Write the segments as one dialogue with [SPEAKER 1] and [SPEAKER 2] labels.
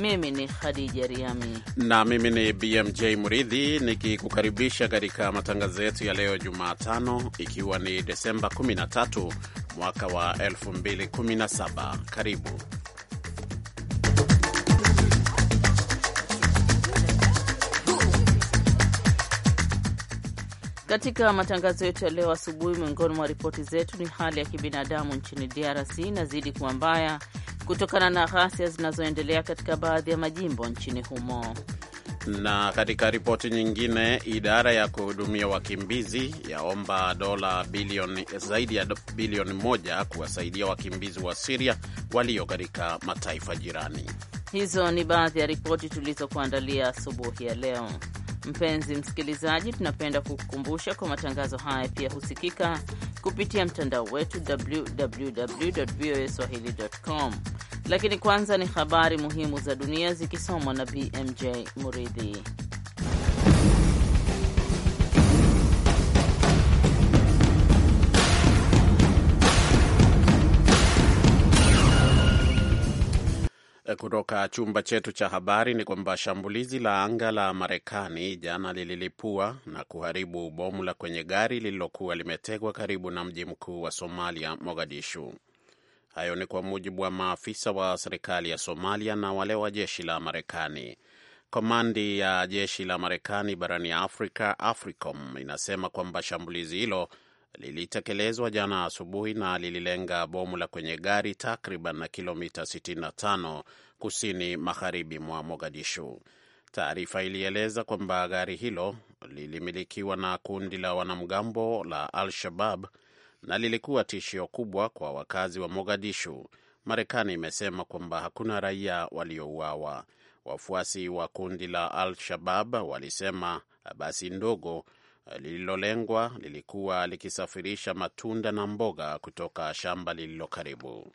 [SPEAKER 1] mimi ni Khadija Riami
[SPEAKER 2] na mimi ni BMJ Muridhi nikikukaribisha katika matangazo yetu ya leo Jumatano, ikiwa ni Desemba 13 mwaka wa 2017. Karibu
[SPEAKER 1] Katika matangazo yetu ya leo asubuhi, miongoni mwa ripoti zetu ni hali ya kibinadamu nchini DRC inazidi kuwa mbaya kutokana na ghasia zinazoendelea katika baadhi ya majimbo nchini humo.
[SPEAKER 2] Na katika ripoti nyingine, idara ya kuhudumia wakimbizi yaomba dola bilioni zaidi ya bilioni moja kuwasaidia wakimbizi wa Siria walio katika mataifa jirani.
[SPEAKER 1] Hizo ni baadhi ya ripoti tulizokuandalia asubuhi ya leo. Mpenzi msikilizaji, tunapenda kukukumbusha kwa matangazo haya pia husikika kupitia mtandao wetu www.voaswahili.com. Lakini kwanza ni habari muhimu za dunia zikisomwa na BMJ Muridhi.
[SPEAKER 2] kutoka chumba chetu cha habari ni kwamba shambulizi la anga la Marekani jana lililipua na kuharibu bomu la kwenye gari lililokuwa limetegwa karibu na mji mkuu wa Somalia, Mogadishu. Hayo ni kwa mujibu wa maafisa wa serikali ya Somalia na wale wa jeshi la Marekani. Komandi ya jeshi la Marekani barani Afrika, AFRICOM, inasema kwamba shambulizi hilo lilitekelezwa jana asubuhi na lililenga bomu la kwenye gari takriban na kilomita 65 kusini magharibi mwa Mogadishu. Taarifa ilieleza kwamba gari hilo lilimilikiwa na kundi la wanamgambo la Al-Shabab na lilikuwa tishio kubwa kwa wakazi wa Mogadishu. Marekani imesema kwamba hakuna raia waliouawa. Wafuasi wa kundi la Al-Shabab walisema basi ndogo lililolengwa lilikuwa likisafirisha matunda na mboga kutoka shamba lililo karibu.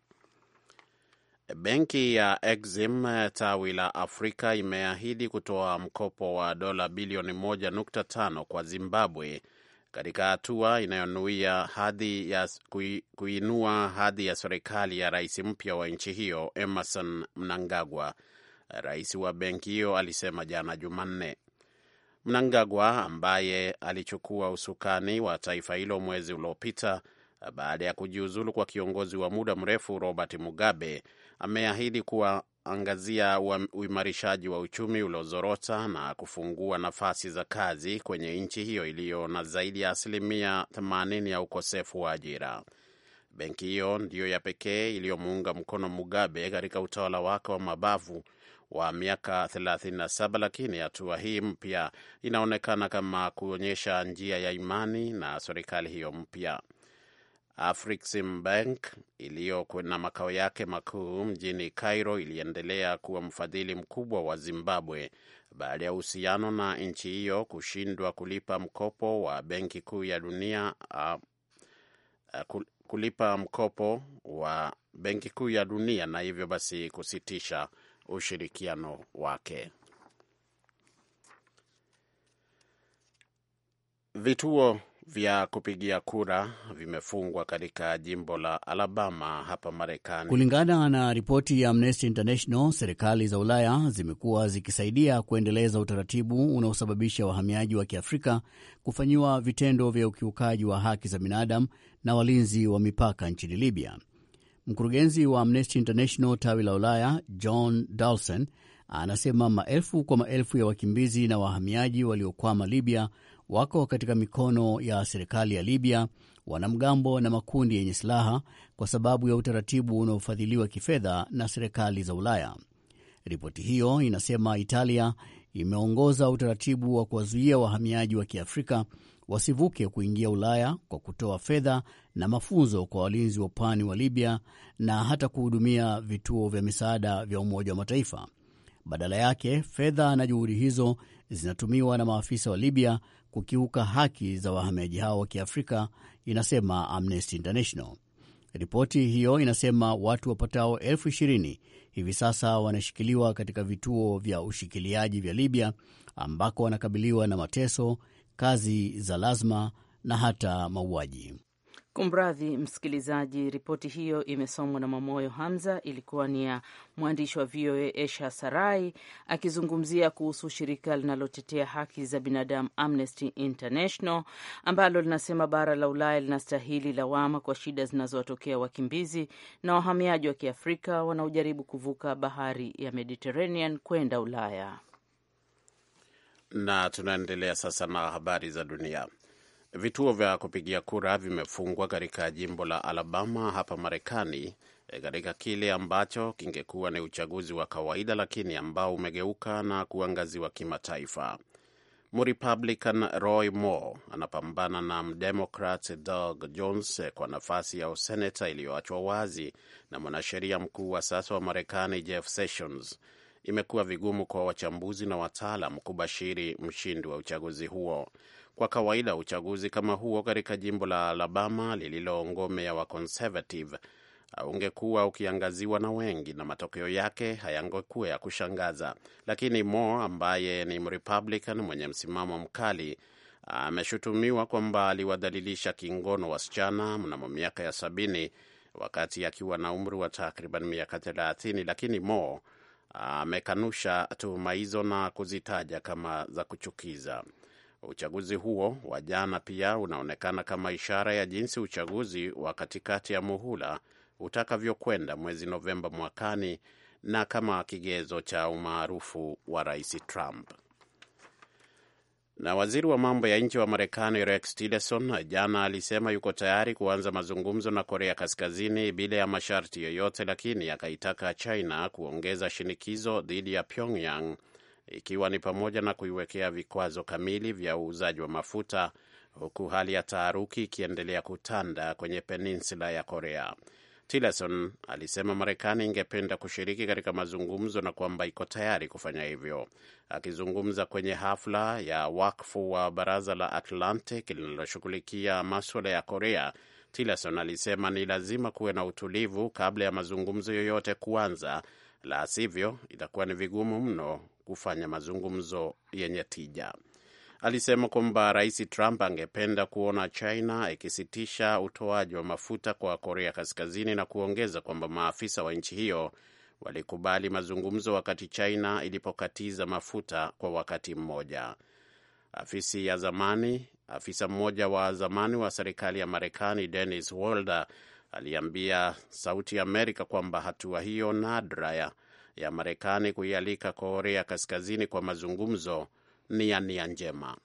[SPEAKER 2] Benki ya Exim tawi la Afrika imeahidi kutoa mkopo wa dola bilioni 1.5 kwa Zimbabwe katika hatua inayonuia hadi ya kuinua hadhi ya serikali ya rais mpya wa nchi hiyo Emerson Mnangagwa. Rais wa benki hiyo alisema jana Jumanne Mnangagwa ambaye alichukua usukani wa taifa hilo mwezi uliopita baada ya kujiuzulu kwa kiongozi wa muda mrefu Robert Mugabe ameahidi kuwaangazia uimarishaji wa uchumi uliozorota na kufungua nafasi za kazi kwenye nchi hiyo iliyo na zaidi ya asilimia 80 ya ukosefu wa ajira. Benki hiyo ndiyo ya pekee iliyomuunga mkono Mugabe katika utawala wake wa mabavu wa miaka 37, lakini hatua hii mpya inaonekana kama kuonyesha njia ya imani na serikali hiyo mpya. Afrexim iliyo na makao yake makuu mjini Cairo iliendelea kuwa mfadhili mkubwa wa Zimbabwe baada ya uhusiano na nchi hiyo kushindwa kulipa mkopo wa Benki Kuu ya Dunia uh, uh, kulipa mkopo wa Benki Kuu ya Dunia na hivyo basi kusitisha ushirikiano wake. Vituo vya kupigia kura vimefungwa katika jimbo la Alabama hapa Marekani. Kulingana
[SPEAKER 3] na ripoti ya Amnesty International, serikali za Ulaya zimekuwa zikisaidia kuendeleza utaratibu unaosababisha wahamiaji wa Kiafrika kufanyiwa vitendo vya ukiukaji wa haki za binadamu na walinzi wa mipaka nchini Libya. Mkurugenzi wa Amnesty International tawi la Ulaya, John Dalson, anasema maelfu kwa maelfu ya wakimbizi na wahamiaji waliokwama Libya wako katika mikono ya serikali ya Libya, wanamgambo na makundi yenye silaha kwa sababu ya utaratibu unaofadhiliwa kifedha na serikali za Ulaya. Ripoti hiyo inasema Italia imeongoza utaratibu wa kuwazuia wahamiaji wa Kiafrika wasivuke kuingia Ulaya kwa kutoa fedha na mafunzo kwa walinzi wa pwani wa Libya na hata kuhudumia vituo vya misaada vya Umoja wa Mataifa. Badala yake, fedha na juhudi hizo zinatumiwa na maafisa wa Libya kukiuka haki za wahamiaji hao wa Kiafrika, inasema Amnesty International. Ripoti hiyo inasema watu wapatao elfu ishirini hivi sasa wanashikiliwa katika vituo vya ushikiliaji vya Libya ambako wanakabiliwa na mateso, kazi za lazima na hata mauaji.
[SPEAKER 1] Kumradhi msikilizaji, ripoti hiyo imesomwa na Mamoyo Hamza. Ilikuwa ni ya mwandishi wa VOA Esha Sarai akizungumzia kuhusu shirika linalotetea haki za binadamu Amnesty International ambalo linasema bara la Ulaya linastahili lawama kwa shida zinazowatokea wakimbizi na wahamiaji wa Kiafrika wanaojaribu kuvuka bahari ya Mediterranean kwenda Ulaya
[SPEAKER 2] na tunaendelea sasa na habari za dunia. Vituo vya kupigia kura vimefungwa katika jimbo la Alabama hapa Marekani, eh, katika kile ambacho kingekuwa ni uchaguzi wa kawaida, lakini ambao umegeuka na kuangaziwa kimataifa. Mrepublican Roy Moore anapambana na mdemokrat Doug Jones eh, kwa nafasi ya useneta iliyoachwa wazi na mwanasheria mkuu wa sasa wa Marekani Jeff Sessions imekuwa vigumu kwa wachambuzi na wataalam kubashiri mshindi wa uchaguzi huo. Kwa kawaida uchaguzi kama huo katika jimbo la Alabama lililo ngome ya waconservative uh, ungekuwa ukiangaziwa na wengi na matokeo yake hayangekuwa ya kushangaza, lakini Moore ambaye ni mrepublican mwenye msimamo mkali ameshutumiwa kwamba aliwadhalilisha kingono wasichana mnamo miaka ya sabini wakati akiwa na umri wa takriban miaka thelathini, lakini Moore amekanusha tuhuma hizo na kuzitaja kama za kuchukiza. Uchaguzi huo wa jana pia unaonekana kama ishara ya jinsi uchaguzi wa katikati ya muhula utakavyokwenda mwezi Novemba mwakani na kama kigezo cha umaarufu wa Rais Trump. Na waziri wa mambo ya nje wa Marekani Rex Tillerson jana alisema yuko tayari kuanza mazungumzo na Korea Kaskazini bila ya masharti yoyote, lakini akaitaka China kuongeza shinikizo dhidi ya Pyongyang ikiwa ni pamoja na kuiwekea vikwazo kamili vya uuzaji wa mafuta, huku hali ya taharuki ikiendelea kutanda kwenye peninsula ya Korea. Tillerson alisema Marekani ingependa kushiriki katika mazungumzo na kwamba iko tayari kufanya hivyo. Akizungumza kwenye hafla ya wakfu wa baraza la Atlantic linaloshughulikia maswala ya Korea, Tillerson alisema ni lazima kuwe na utulivu kabla ya mazungumzo yoyote kuanza, la sivyo itakuwa ni vigumu mno kufanya mazungumzo yenye tija alisema kwamba Rais Trump angependa kuona China ikisitisha utoaji wa mafuta kwa Korea Kaskazini na kuongeza kwamba maafisa wa nchi hiyo walikubali mazungumzo wakati China ilipokatiza mafuta kwa wakati mmoja. Afisi ya zamani afisa mmoja wa zamani wa serikali ya Marekani Dennis walde aliambia Sauti ya Amerika kwamba hatua hiyo nadra ya Marekani kuialika Korea Kaskazini kwa mazungumzo ni ya nia njema.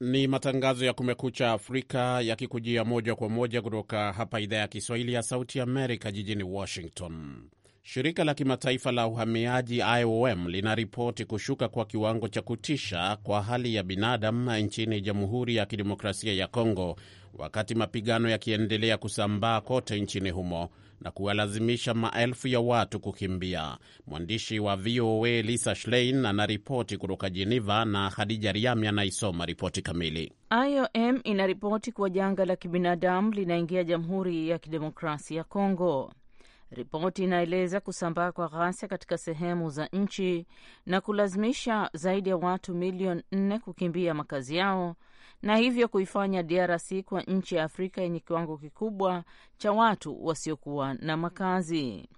[SPEAKER 2] Ni matangazo ya Kumekucha Afrika yakikujia moja kwa moja kutoka hapa idhaa ya Kiswahili ya Sauti Amerika jijini Washington. Shirika la kimataifa la uhamiaji IOM linaripoti kushuka kwa kiwango cha kutisha kwa hali ya binadamu nchini Jamhuri ya Kidemokrasia ya Kongo, wakati mapigano yakiendelea kusambaa kote nchini humo na kuwalazimisha maelfu ya watu kukimbia. Mwandishi wa VOA Lisa Schlein anaripoti kutoka Jeneva na Khadija Riami anaisoma ripoti kamili.
[SPEAKER 1] IOM inaripoti kuwa janga la kibinadamu linaingia Jamhuri ya Kidemokrasia ya Kongo. Ripoti inaeleza kusambaa kwa ghasia katika sehemu za nchi na kulazimisha zaidi ya watu milioni nne kukimbia makazi yao na hivyo kuifanya DRC kuwa nchi ya Afrika yenye kiwango kikubwa cha watu wasiokuwa na makazi.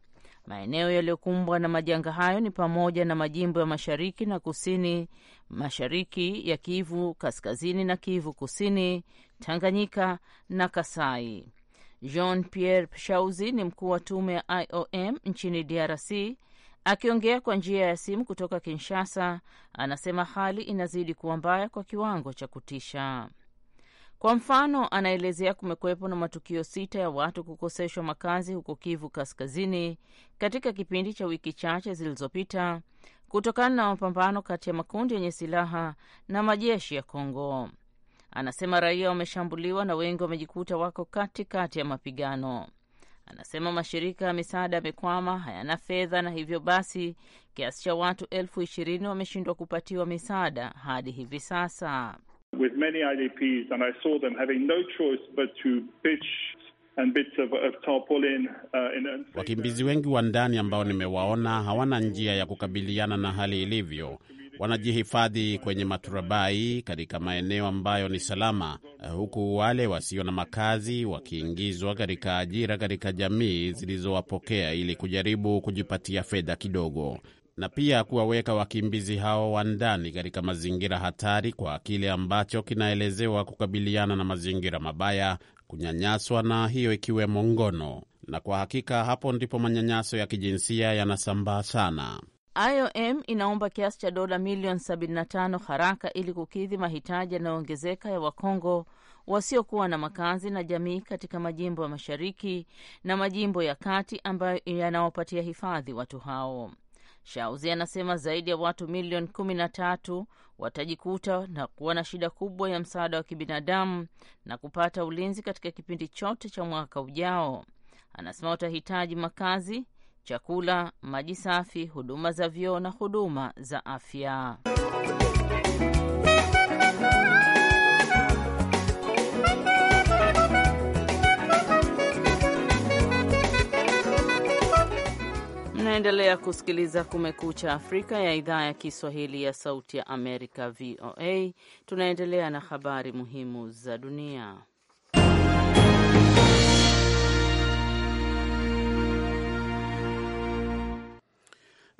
[SPEAKER 1] Maeneo yaliyokumbwa na majanga hayo ni pamoja na majimbo ya mashariki na kusini mashariki ya Kivu kaskazini na Kivu kusini, Tanganyika na Kasai. Jean Pierre Shauzi ni mkuu wa tume ya IOM nchini DRC. Akiongea kwa njia ya simu kutoka Kinshasa, anasema hali inazidi kuwa mbaya kwa kiwango cha kutisha. Kwa mfano, anaelezea kumekuwepo na matukio sita ya watu kukoseshwa makazi huko Kivu Kaskazini katika kipindi cha wiki chache zilizopita kutokana na mapambano kati ya makundi yenye silaha na majeshi ya Kongo. Anasema raia wameshambuliwa na wengi wamejikuta wako katikati kati ya mapigano. Anasema mashirika ya misaada yamekwama, hayana fedha, na hivyo basi kiasi cha watu elfu ishirini wameshindwa kupatiwa misaada hadi hivi sasa. Uh,
[SPEAKER 2] Wakimbizi wengi wa ndani ambao nimewaona hawana njia ya kukabiliana na hali ilivyo, wanajihifadhi kwenye maturabai katika maeneo ambayo ni salama, eh, huku wale wasio na makazi wakiingizwa katika ajira katika jamii zilizowapokea ili kujaribu kujipatia fedha kidogo, na pia kuwaweka wakimbizi hao wa ndani katika mazingira hatari kwa kile ambacho kinaelezewa kukabiliana na mazingira mabaya, kunyanyaswa, na hiyo ikiwemo ngono. Na kwa hakika hapo ndipo manyanyaso ya kijinsia yanasambaa sana.
[SPEAKER 1] IOM inaomba kiasi cha dola milioni 75 haraka ili kukidhi mahitaji yanayoongezeka ya Wakongo wasiokuwa na makazi na jamii katika majimbo ya mashariki na majimbo ya kati ambayo yanawapatia hifadhi watu hao. Shauzi anasema zaidi ya watu milioni kumi na tatu watajikuta na kuwa na shida kubwa ya msaada wa kibinadamu na kupata ulinzi katika kipindi chote cha mwaka ujao. Anasema watahitaji makazi, chakula, maji safi, huduma za vyoo na huduma za afya. Mnaendelea kusikiliza Kumekucha Afrika ya idhaa ya Kiswahili ya Sauti ya Amerika, VOA. Tunaendelea na habari muhimu za dunia.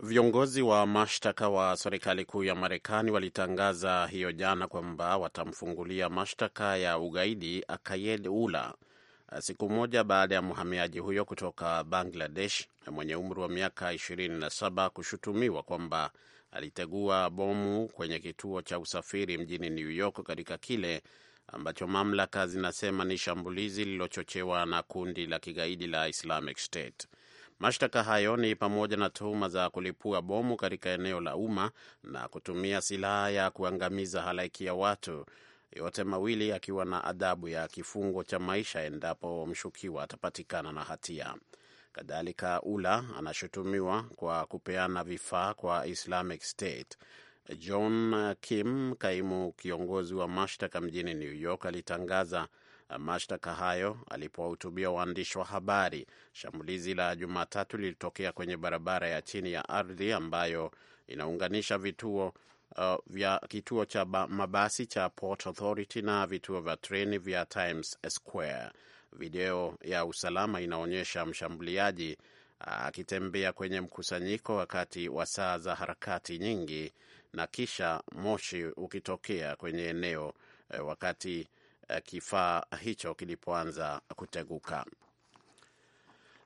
[SPEAKER 2] Viongozi wa mashtaka wa serikali kuu ya Marekani walitangaza hiyo jana kwamba watamfungulia mashtaka ya ugaidi Akayed Ula eh, siku moja baada ya mhamiaji huyo kutoka Bangladesh eh, mwenye umri wa miaka 27 kushutumiwa kwamba alitegua bomu kwenye kituo cha usafiri mjini New York katika kile ambacho mamlaka zinasema ni shambulizi lililochochewa na kundi la kigaidi la Islamic State. Mashtaka hayo ni pamoja na tuhuma za kulipua bomu katika eneo la umma na kutumia silaha ya kuangamiza halaiki ya watu, yote mawili akiwa na adhabu ya kifungo cha maisha endapo mshukiwa atapatikana na hatia. Kadhalika, Ula anashutumiwa kwa kupeana vifaa kwa Islamic State. John Kim, kaimu kiongozi wa mashtaka mjini New York, alitangaza mashtaka hayo alipowahutubia waandishi wa habari. Shambulizi la Jumatatu lilitokea kwenye barabara ya chini ya ardhi ambayo inaunganisha vituo Uh, vya kituo cha mabasi cha Port Authority na vituo vya treni vya Times Square. Video ya usalama inaonyesha mshambuliaji uh, akitembea kwenye mkusanyiko wakati wa saa za harakati nyingi na kisha moshi ukitokea kwenye eneo uh, wakati Eh, kifaa hicho kilipoanza kuteguka.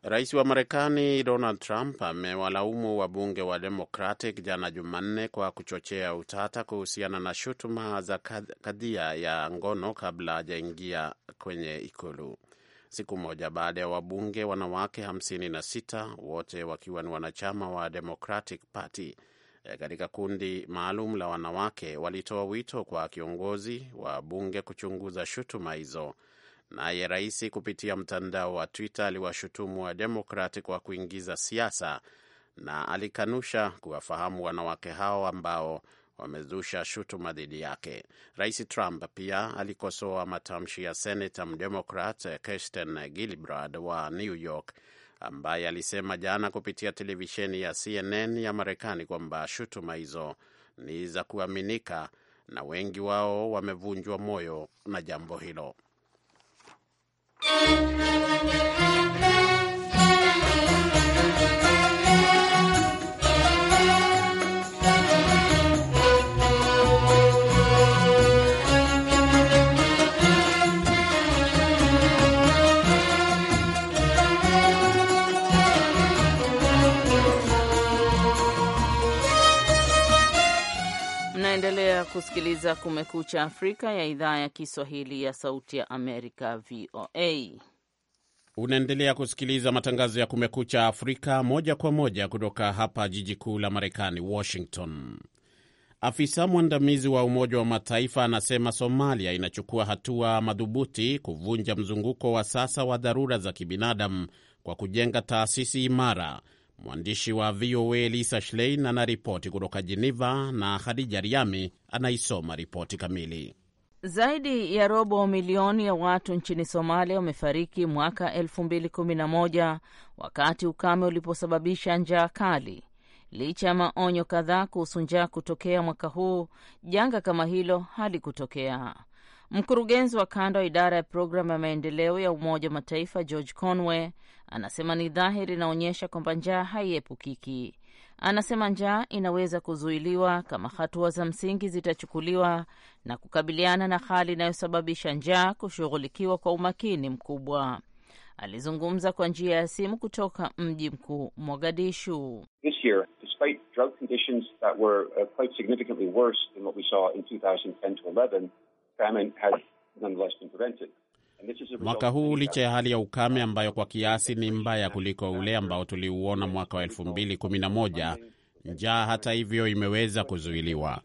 [SPEAKER 2] Rais wa Marekani Donald Trump amewalaumu wabunge wa Democratic jana Jumanne kwa kuchochea utata kuhusiana na shutuma za kadhia ya ngono kabla hajaingia kwenye Ikulu, siku moja baada ya wabunge wanawake 56 wote wakiwa ni wanachama wa Democratic Party E, katika kundi maalum la wanawake walitoa wito kwa kiongozi wa bunge kuchunguza shutuma hizo. Naye rais kupitia mtandao wa Twitter aliwashutumu wa Demokrat kwa kuingiza siasa na alikanusha kuwafahamu wanawake hao ambao wamezusha shutuma dhidi yake. Rais Trump pia alikosoa matamshi ya senata mdemokrat Kirsten Gillibrand wa New York ambaye alisema jana kupitia televisheni ya CNN ya Marekani kwamba shutuma hizo ni za kuaminika na wengi wao wamevunjwa moyo na jambo hilo.
[SPEAKER 1] Unaendelea kusikiliza Kumekucha Afrika ya idhaa ya Kiswahili ya Sauti ya Amerika, VOA.
[SPEAKER 2] Unaendelea kusikiliza matangazo ya Kumekucha Afrika moja kwa moja kutoka hapa jiji kuu la Marekani, Washington. Afisa mwandamizi wa Umoja wa Mataifa anasema Somalia inachukua hatua madhubuti kuvunja mzunguko wa sasa wa dharura za kibinadamu kwa kujenga taasisi imara Mwandishi wa VOA Lisa Schlein anaripoti kutoka Jeneva na Khadija Riami anaisoma ripoti kamili.
[SPEAKER 1] Zaidi ya robo milioni ya watu nchini Somalia wamefariki mwaka 2011 wakati ukame uliposababisha njaa kali. Licha ya maonyo kadhaa kuhusu njaa kutokea mwaka huu, janga kama hilo halikutokea. Mkurugenzi wa kanda wa idara ya programu ya maendeleo ya Umoja wa Mataifa George Conway Anasema ni dhahiri inaonyesha kwamba njaa haiepukiki. Anasema njaa inaweza kuzuiliwa kama hatua za msingi zitachukuliwa na kukabiliana na hali inayosababisha njaa kushughulikiwa kwa umakini mkubwa. Alizungumza kwa njia ya simu kutoka mji mkuu Mogadishu
[SPEAKER 4] mwaka huu licha ya
[SPEAKER 2] hali ya ukame ambayo kwa kiasi ni mbaya kuliko ule ambao tuliuona mwaka wa 2011, njaa hata hivyo imeweza kuzuiliwa,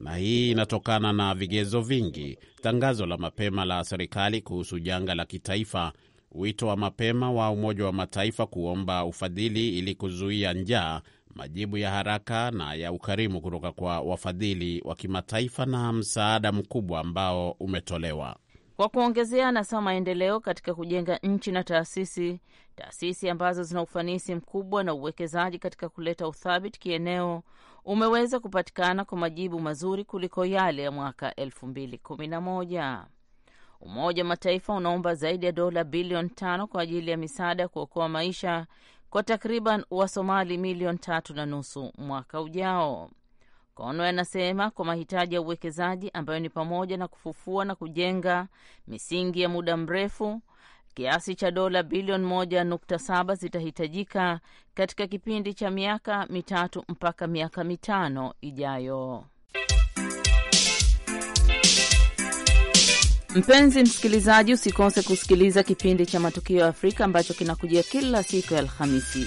[SPEAKER 2] na hii inatokana na vigezo vingi: tangazo la mapema la serikali kuhusu janga la kitaifa, wito wa mapema wa Umoja wa Mataifa kuomba ufadhili ili kuzuia njaa, majibu ya haraka na ya ukarimu kutoka kwa wafadhili wa kimataifa na msaada mkubwa ambao umetolewa.
[SPEAKER 1] Kwa kuongezea, anasema maendeleo katika kujenga nchi na taasisi taasisi ambazo zina ufanisi mkubwa na uwekezaji katika kuleta uthabiti kieneo umeweza kupatikana kwa majibu mazuri kuliko yale ya mwaka elfu mbili kumi na moja. Umoja wa Mataifa unaomba zaidi ya dola bilioni tano kwa ajili ya misaada ya kuokoa maisha kwa takriban Wasomali milioni tatu na nusu mwaka ujao. Kono anasema kwa mahitaji ya uwekezaji ambayo ni pamoja na kufufua na kujenga misingi ya muda mrefu, kiasi cha dola bilioni moja nukta saba zitahitajika katika kipindi cha miaka mitatu mpaka miaka mitano ijayo. Mpenzi msikilizaji, usikose kusikiliza kipindi cha Matukio ya Afrika ambacho kinakujia kila siku ya Alhamisi.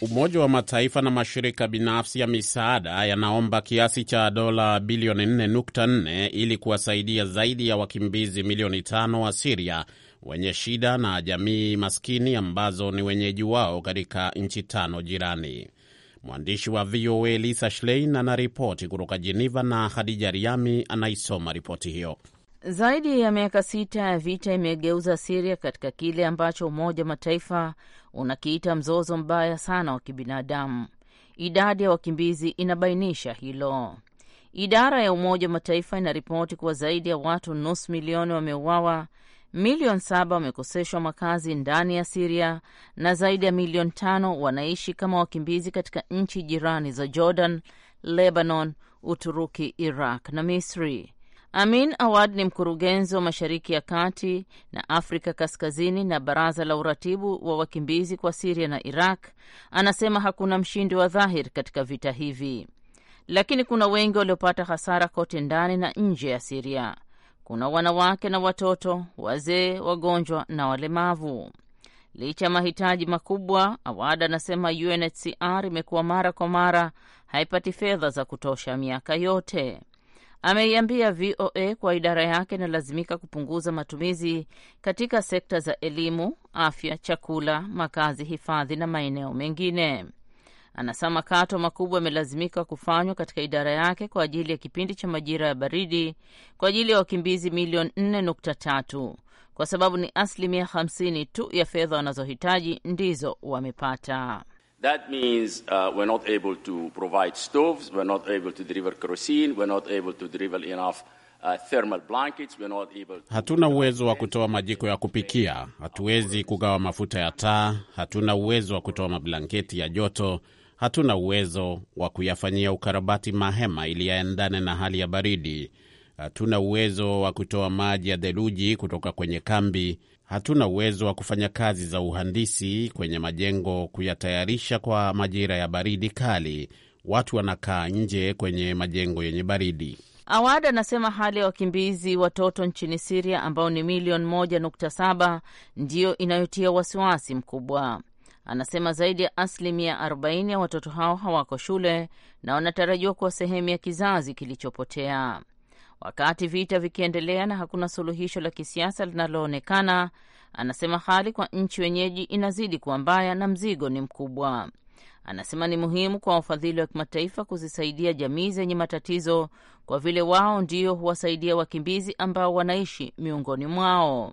[SPEAKER 2] Umoja wa Mataifa na mashirika binafsi ya misaada yanaomba kiasi cha dola bilioni 4.4 ili kuwasaidia zaidi ya wakimbizi milioni tano wa Siria wenye shida na jamii maskini ambazo ni wenyeji wao katika nchi tano jirani. Mwandishi wa VOA Lisa Schlein anaripoti kutoka Jeneva na hadija Riami anaisoma ripoti hiyo.
[SPEAKER 1] Zaidi ya miaka sita ya vita imegeuza Siria katika kile ambacho Umoja wa Mataifa unakiita mzozo mbaya sana wa kibinadamu. Idadi ya wakimbizi inabainisha hilo. Idara ya Umoja wa Mataifa inaripoti kuwa zaidi ya watu nusu milioni wameuawa, milioni saba wamekoseshwa makazi ndani ya Siria na zaidi ya milioni tano wanaishi kama wakimbizi katika nchi jirani za Jordan, Lebanon, Uturuki, Iraq na Misri. Amin Awad ni mkurugenzi wa Mashariki ya Kati na Afrika Kaskazini na Baraza la Uratibu wa Wakimbizi kwa Siria na Iraq. Anasema hakuna mshindi wa dhahir katika vita hivi, lakini kuna wengi waliopata hasara kote ndani na nje ya Siria. Kuna wanawake na watoto, wazee, wagonjwa na walemavu. Licha ya mahitaji makubwa, Awad anasema UNHCR imekuwa mara kwa mara haipati fedha za kutosha miaka yote. Ameiambia VOA kwa idara yake inalazimika kupunguza matumizi katika sekta za elimu, afya, chakula, makazi, hifadhi na maeneo mengine. Anasema makato makubwa yamelazimika kufanywa katika idara yake kwa ajili ya kipindi cha majira ya baridi kwa ajili ya wakimbizi milioni 4.3 kwa sababu ni asilimia 50 tu ya fedha wanazohitaji ndizo wamepata.
[SPEAKER 2] That means uh, we're not able to provide stoves, we're not able to deliver kerosene, we're not able to deliver enough uh, Hatuna uwezo wa kutoa majiko ya kupikia, hatuwezi kugawa mafuta ya taa, hatuna uwezo wa kutoa mablanketi ya joto, hatuna uwezo wa kuyafanyia ukarabati mahema ili yaendane na hali ya baridi, hatuna uwezo wa kutoa maji ya theluji kutoka kwenye kambi, hatuna uwezo wa kufanya kazi za uhandisi kwenye majengo kuyatayarisha kwa majira ya baridi kali. Watu wanakaa nje kwenye majengo yenye baridi.
[SPEAKER 1] Awad anasema hali ya wakimbizi watoto nchini Siria ambao ni milioni moja nukta saba ndiyo inayotia wasiwasi mkubwa. Anasema zaidi ya asilimia 40 ya watoto hao hawako shule na wanatarajiwa kuwa sehemu ya kizazi kilichopotea wakati vita vikiendelea na hakuna suluhisho la kisiasa linaloonekana. Anasema hali kwa nchi wenyeji inazidi kuwa mbaya na mzigo ni mkubwa. Anasema ni muhimu kwa wafadhili wa kimataifa kuzisaidia jamii zenye matatizo, kwa vile wao ndio huwasaidia wakimbizi ambao wanaishi miongoni mwao.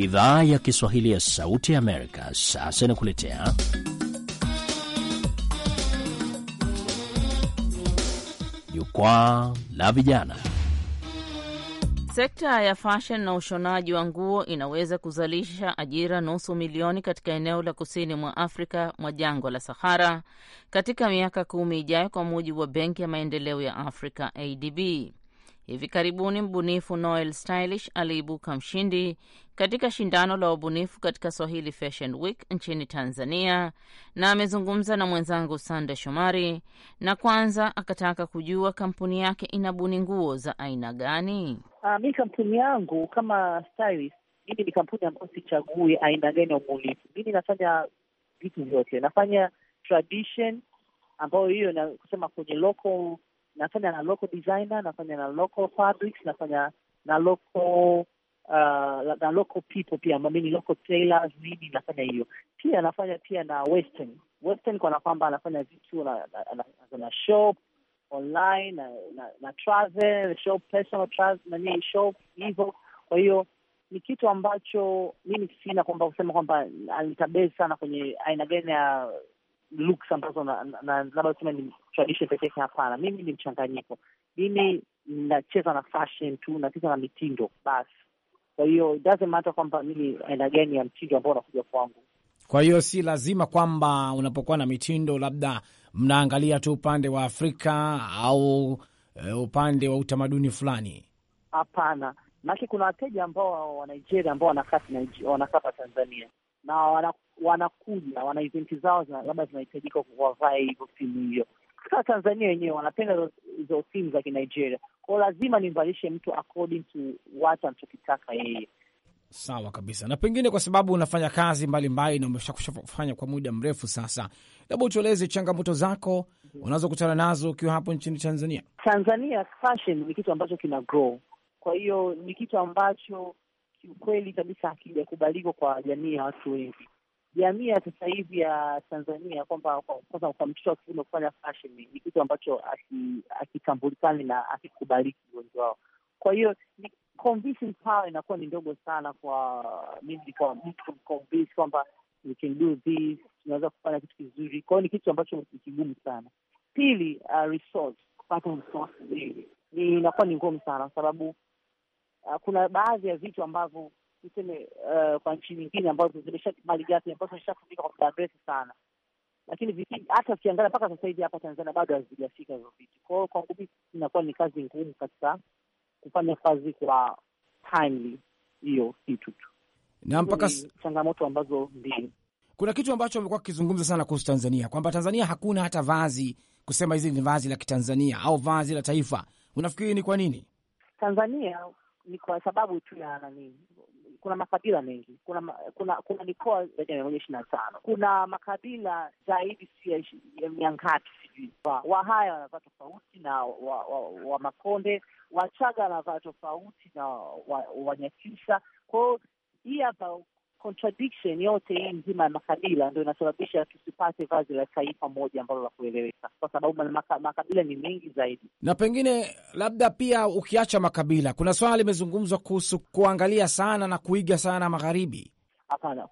[SPEAKER 3] Idhaa ya Kiswahili ya Sauti ya Amerika sasa inakuletea jukwaa la vijana.
[SPEAKER 1] Sekta ya fashion na ushonaji wa nguo inaweza kuzalisha ajira nusu milioni katika eneo la kusini mwa Afrika mwa jangwa la Sahara katika miaka kumi ijayo, kwa mujibu wa Benki ya Maendeleo ya Afrika, ADB. Hivi karibuni mbunifu Noel Stylish aliibuka mshindi katika shindano la wabunifu katika Swahili Fashion Week nchini Tanzania, na amezungumza na mwenzangu Sande Shomari, na kwanza akataka kujua kampuni yake inabuni nguo za aina gani.
[SPEAKER 4] Uh, mi kampuni yangu kama stylist, mimi ni kampuni ambayo sichagui aina gani ya ubunifu. Mimi nafanya vitu vyote, nafanya tradition ambayo hiyo na kusema kwenye local nafanya na local designer, nafanya na local fabrics, nafanya na local uh, na local people pia mimi local tailors nini, nafanya hiyo pia, nafanya pia na western western, kwa kwamba anafanya vitu na, na, na, na, na shop online na, na, na travel shop personal travel na nini shop hivyo. Kwa hiyo ni kitu ambacho mimi sina kwamba kusema kwamba alitabesa sana kwenye aina gani ya looks ambazo labda tuseme ni tradition pekee. Hapana, mimi ni mchanganyiko. Mimi nacheza na fashion tu, nacheza na mitindo basi. Kwa hiyo it doesn't matter kwamba mimi aina gani ya mtindo ambao unakuja
[SPEAKER 5] kwangu. Kwa hiyo si lazima kwamba unapokuwa na mitindo labda mnaangalia tu upande wa Afrika au uh, upande wa utamaduni fulani.
[SPEAKER 4] Hapana, maanake kuna wateja ambao wa Nigeria ambao wanakaa Tanzania na wana wanakuja wana eventi zao labda zinahitajika kuwavaa hivyo timu hiyo. Katika Tanzania wenyewe wanapenda hizo timu za Kinigeria, kwao lazima nimvalishe mtu according to watu anachokitaka yeye.
[SPEAKER 5] Sawa kabisa. Na pengine kwa sababu unafanya kazi mbalimbali na umesha kufanya kwa muda mrefu sasa, labda utueleze changamoto zako unazokutana nazo ukiwa hapo nchini Tanzania.
[SPEAKER 4] Tanzania fashion ni kitu ambacho kina grow, kwa hiyo ni kitu ambacho kiukweli kabisa hakijakubalika kwa jamii ya watu wengi jamii ya sasa hivi ya Tanzania kwamba kwanza kwa mtoto wa kiume kufanya fashion ni kitu ambacho akitambulikani na akikubaliki wengi wao. Kwa hiyo ni convincing power inakuwa ni ndogo sana kwa mimi kumconvince kwamba we can do this, tunaweza kufanya kitu kizuri. Kwa hiyo ni kitu ambacho ni kigumu sana. Pili, uh, resource, kupata resource ni inakuwa ni ngumu sana kwa sababu uh, kuna baadhi ya vitu ambavyo tuseme, eh, kwa nchi nyingine ambazo zimesha mali ghafi ambazo zishatumika kwa muda mrefu sana, lakini vipindi hata ukiangalia mpaka sasa hivi hapa Tanzania bado hazijafika hizo vitu. Kwa hiyo kwangu mimi inakuwa ni kazi ngumu katika kufanya kazi kwa timely hiyo kitu tu, na mpaka changamoto ambazo
[SPEAKER 5] ndio kuna kitu ambacho amekuwa kizungumza sana kuhusu Tanzania kwamba Tanzania hakuna hata vazi kusema hizi ni vazi la Kitanzania au vazi la taifa. Unafikiri ni kwa nini
[SPEAKER 4] Tanzania ni kwa sababu tu ya nani. Kuna makabila mengi, kuna kuna kuna mikoa zaidi ya mia moja ishirini na tano kuna makabila zaidi ya mia ngapi sijui. Wahaya wanavaa tofauti na wa, wa, wa Wachaga wanavaa tofauti na Wanyakyusa wa kwao hii hapa contradiction yote hii nzima ya makabila ndo inasababisha tusipate vazi la taifa moja ambalo la kueleweka, kwa sababu makabila ni mengi zaidi.
[SPEAKER 5] Na pengine labda pia ukiacha makabila, kuna swala limezungumzwa kuhusu kuangalia sana na kuiga sana magharibi.
[SPEAKER 4] Hapana,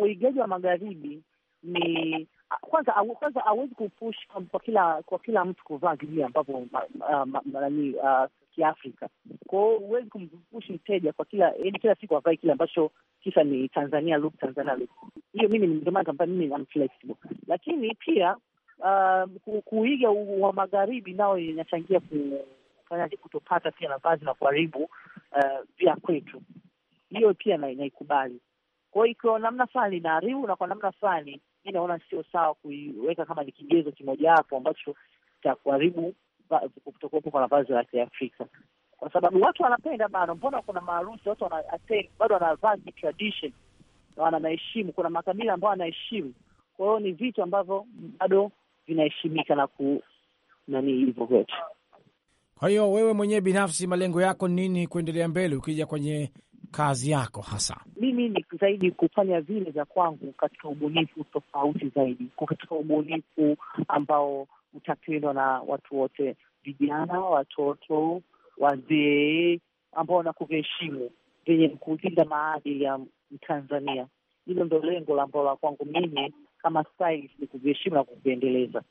[SPEAKER 4] uigaji wa magharibi ni kwanza kwanza hawezi kupush kwa kila kwa kila mtu kuvaa vile ambavyo nani Kiafrika. Kwa hiyo huwezi kumpush mteja kwa kila, yani, kila siku avae kile ambacho kisa ni Tanzania look, Tanzania look. Hiyo mimi ndio maana mimi am flexible, lakini pia uh, kuiga wa magharibi nao inachangia kufanyaje, kutopata pia nafasi na kuharibu uh, vya kwetu. Hiyo pia na inaikubali. Kwa hiyo ikiwa namna fulani inaharibu na kwa namna fulani mi naona sio sawa kuiweka kama ni kigezo kimojawapo ambacho cha kuharibu kutokuwepo kwa nafasi ya Kiafrika kwa sababu watu wanapenda bado. Mbona kuna maharusi watu wana attend bado, wanavaa tradition na wanaheshimu, kuna makabila ambayo wanaheshimu. Kwa hiyo ni vitu ambavyo bado vinaheshimika na ku nani hivyo kwetu.
[SPEAKER 5] Kwa hiyo wewe mwenyewe binafsi, malengo yako ni nini kuendelea mbele, ukija kwenye kazi yako hasa?
[SPEAKER 4] Mimi ni zaidi kufanya vile za kwangu katika ubunifu tofauti zaidi, katika ubunifu ambao utapendwa na watu wote, vijana, watoto wazee ambao na kuheshimu vyenye kulinda maadili ya Mtanzania. Hilo ndo lengo la ambalo kwangu mimi kama stylist ni kuviheshimu na kuviendeleza.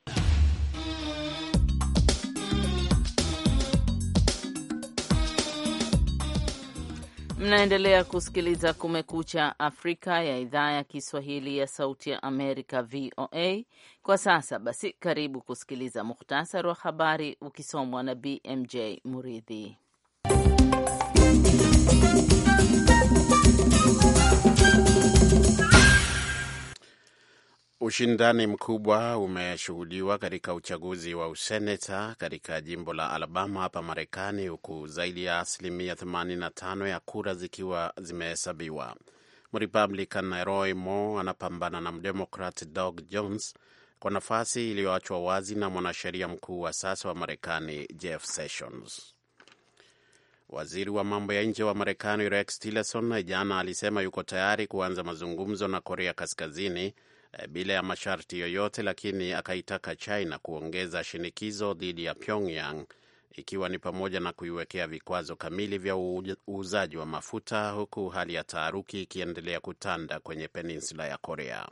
[SPEAKER 1] Mnaendelea kusikiliza Kumekucha Afrika ya idhaa ya Kiswahili ya Sauti ya Amerika, VOA. Kwa sasa basi, karibu kusikiliza muhtasari wa habari ukisomwa na BMJ Muridhi.
[SPEAKER 2] Ushindani mkubwa umeshuhudiwa katika uchaguzi wa useneta katika jimbo la Alabama hapa Marekani, huku zaidi ya asilimia 85 ya kura zikiwa zimehesabiwa. Mrepublican Roy Moore anapambana na mdemokrat Doug Jones kwa nafasi iliyoachwa wazi na mwanasheria mkuu wa sasa wa Marekani Jeff Sessions. Waziri wa mambo ya nje wa Marekani Rex Tillerson jana alisema yuko tayari kuanza mazungumzo na Korea Kaskazini Eh, bila ya masharti yoyote, lakini akaitaka China kuongeza shinikizo dhidi ya Pyongyang ikiwa ni pamoja na kuiwekea vikwazo kamili vya uuzaji wa mafuta, huku hali ya taharuki ikiendelea kutanda kwenye peninsula ya Korea.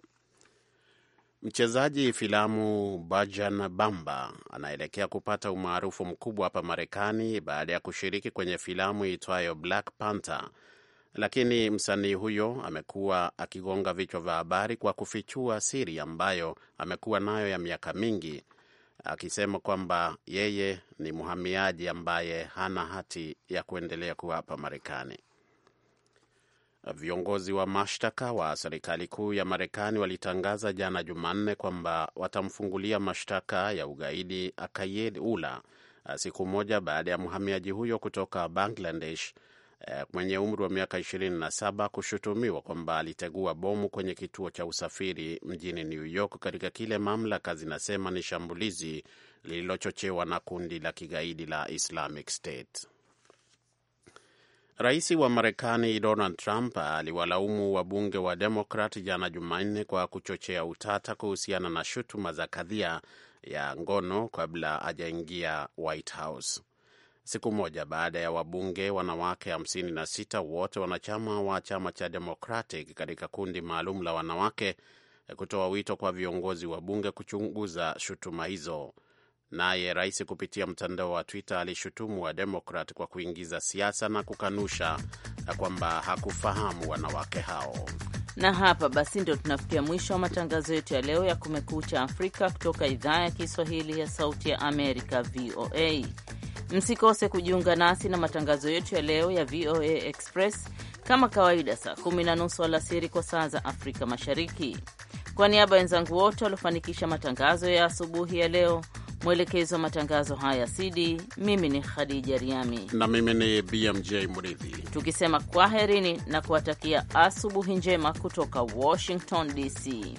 [SPEAKER 2] Mchezaji filamu Bajan Bamba anaelekea kupata umaarufu mkubwa hapa Marekani baada ya kushiriki kwenye filamu iitwayo Black Panther lakini msanii huyo amekuwa akigonga vichwa vya habari kwa kufichua siri ambayo amekuwa nayo ya miaka mingi, akisema kwamba yeye ni mhamiaji ambaye hana hati ya kuendelea kuwa hapa Marekani. Viongozi wa mashtaka wa serikali kuu ya Marekani walitangaza jana Jumanne kwamba watamfungulia mashtaka ya ugaidi Akayed Ula siku moja baada ya mhamiaji huyo kutoka Bangladesh Eh, mwenye umri wa miaka 27 kushutumiwa kwamba alitegua bomu kwenye kituo cha usafiri mjini New York katika kile mamlaka zinasema ni shambulizi lililochochewa na kundi la kigaidi la Islamic State. Rais wa Marekani Donald Trump aliwalaumu wabunge wa Demokrat jana Jumanne kwa kuchochea utata kuhusiana na shutuma za kadhia ya ngono kabla hajaingia White House siku moja baada ya wabunge wanawake 56 wote wanachama wa chama cha Democratic katika kundi maalum la wanawake kutoa wito kwa viongozi wa bunge kuchunguza shutuma hizo. Naye rais kupitia mtandao wa Twitter alishutumu wa Demokrat kwa kuingiza siasa na kukanusha kwamba hakufahamu wanawake hao.
[SPEAKER 1] Na hapa basi ndio tunafikia mwisho wa matangazo yetu ya leo ya Kumekucha Afrika kutoka idhaa ya Kiswahili ya Sauti ya Amerika, VOA. Msikose kujiunga nasi na matangazo yetu ya leo ya VOA Express kama kawaida, saa kumi na nusu alasiri kwa saa za Afrika Mashariki. Kwa niaba ya wenzangu wote waliofanikisha matangazo ya asubuhi ya leo, mwelekezi wa matangazo haya Sidi, mimi ni Khadija Riami
[SPEAKER 2] na mimi ni BMJ Mridhi,
[SPEAKER 1] tukisema kwaherini na kuwatakia asubuhi njema kutoka Washington DC.